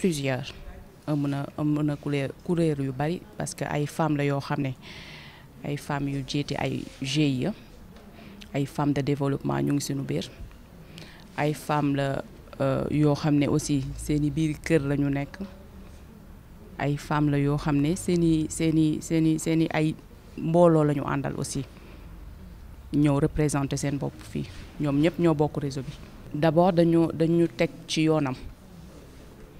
plusieurs amuna amuna couleur na yu bari parce que ay femmes la yo xamné ay femmes yu jiite ay GIE ay femmes de développement ñu ngi suñu biir ay femmes la euh, yo xam aussi seen i biir kër la ñu nekk ay femmes la yo xamné s'eni s'eni s'eni s'eni ay mbolo lañu andal aussi ñeu représenter s'en bop fi ñom ñep ñoo bokk réseau bi. d'abord dañu dañu tek ci yonam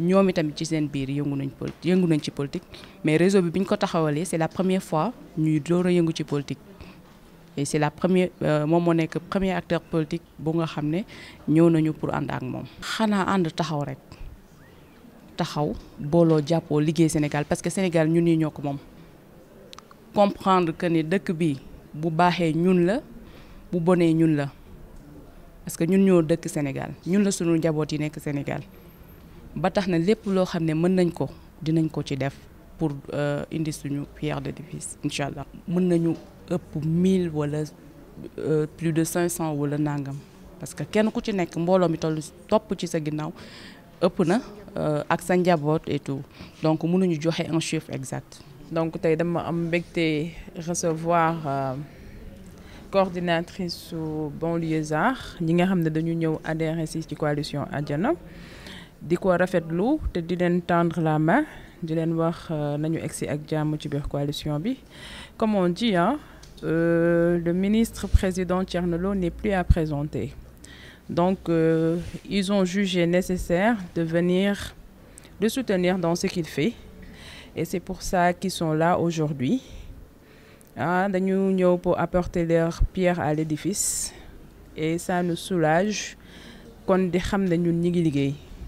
Nous sommes ci seen biir yëngu nañ politique mais réseau bi c'est la première fois ñuy nous a yëngu ci politique. et c'est la première euh, moom que nekk premier acteur politique bu nga xam ne nañu pour ànd ak taxaw rek taxaw Sénégal parce que Sénégal ñun ñi ñoo comprendre que ni dëkk bi bu baaxee ñun la bu ñun la parce que ñun ñoo dëkk Sénégal ñun la sunu yi Sénégal ba tax na lépp loo xam ne mën nañ ko dinañ ko ci def pour euh, indi suñu pierre de l'édifice incha allah. mën nañu ëpp mille wala euh, plus de cinq cent wala nangam parce que kenn ku ci nekk mbooloo mi toll topp ci sa ginnaaw ëpp na euh, ak sa njaboot et tout donc mënuñu joxe un chiffre exact. donc tey dama am mbégte recevoir. Euh, coordinatrice su Banlieusards ñi nga xam ne dañu ñëw adhéré si ci coalition Adiana di ko rafetlu te di leen tendre la main di leen wax euh, nañu egsi ak jàmm ci biir coalition bi comme on dit hein euh, le ministre président Thierno n'est plus à présenter donc euh, ils ont jugé nécessaire de venir de soutenir dans ce qu'il fait et c'est pour ça qu'ils sont là aujourd'hui Ils ah, dañu pour apporter leur pierre à l'édifice et ça nous soulage qu'on di xam ñun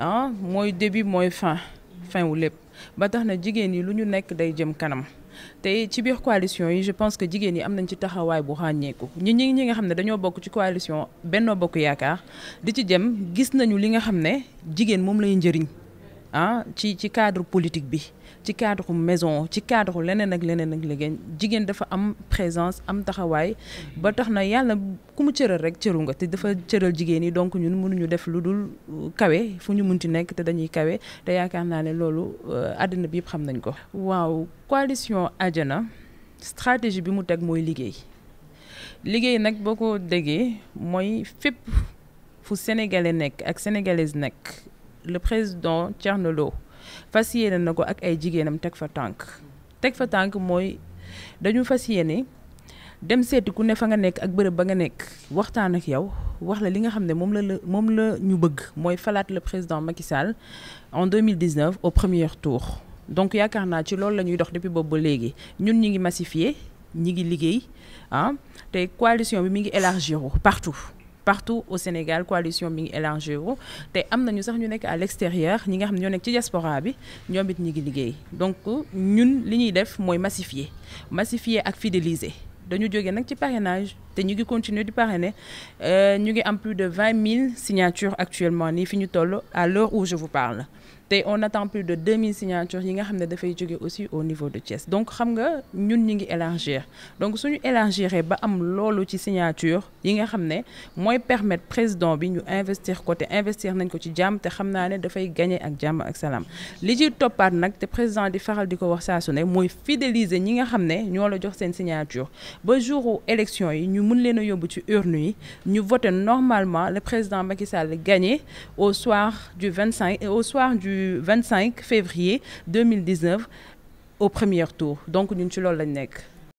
ah mooy début mooy fin fin wu lépp ba tax na jigéen yi lu ñu nekk day jëm kanam te ci biir coalition yi je pense que jigéen yi am nañ ci taxawaay bu xàññeeku ñi ñi ñi nga xam ne dañoo bokk ci coalition Benno Bokk Yaakaar di ci jëm gis nañu li nga xam ne jigéen moom lay njëriñ ah ci ci cadre politique bi ci cadre maison ci cadre leneen ak leneen ak liggéey jigéen dafa am présence am taxawaay ba tax na yàlla ku mu cëral rek cëru nga te dafa cëral jigéen yi donc ñun mënuñu def lu dul uh, kawe fu ñu mun munti nekk te dañuy kawe te yaakaar naa ne loolu uh, àddina bi yëpp xam nañ ko. waaw coalition Adiana stratégie bi mu teg mooy liggéey liggéey nag boo ko déggee mooy fépp fu sénégalais nekk ak sénégalaise nekk. le président Tchernolo Lo ak ay jigenam tek fa tank. Tek fa tank moy dañu dem setti ku ne fa nga nek ak de ba nga a waxtan ak yow wax la li nga mom le président Macky Sall en 2019 au premier tour donc yakarna ci loolu la ñuy dox depuis bobu légui. ñun ñi ngi massifier ñi ngi liggéey Hein? coalition bi mi élargir partout partout au Sénégal coalition Ming élargie élargir Et te à l'extérieur ñi nga xam la diaspora bi ñoom it donc nous, sommes massifiés. def et massifier massifier ak fidéliser dañu parrainage nous continuons de parrainer euh, nous avons plus de 20 000 signatures actuellement ni fi à l'heure où je vous parle et on attend plus de 2000 signatures yi nga xam ne aussi au niveau de Thiès donc xam nga ñun élargir donc suñu nous ba am loolu ci signature yi nga permettre président bi ñu investir dans investir nañ ko ci gagner avec le ak salaam li ci toppaat nag te président di faral di wax su fidéliser ñi nga xam ne jox signature ba jour élection yi nous leen normalement le président Macky Sall gagné au soir du 25 euh, au soir du 25 février 2019 au premier tour donc nous ci le lañ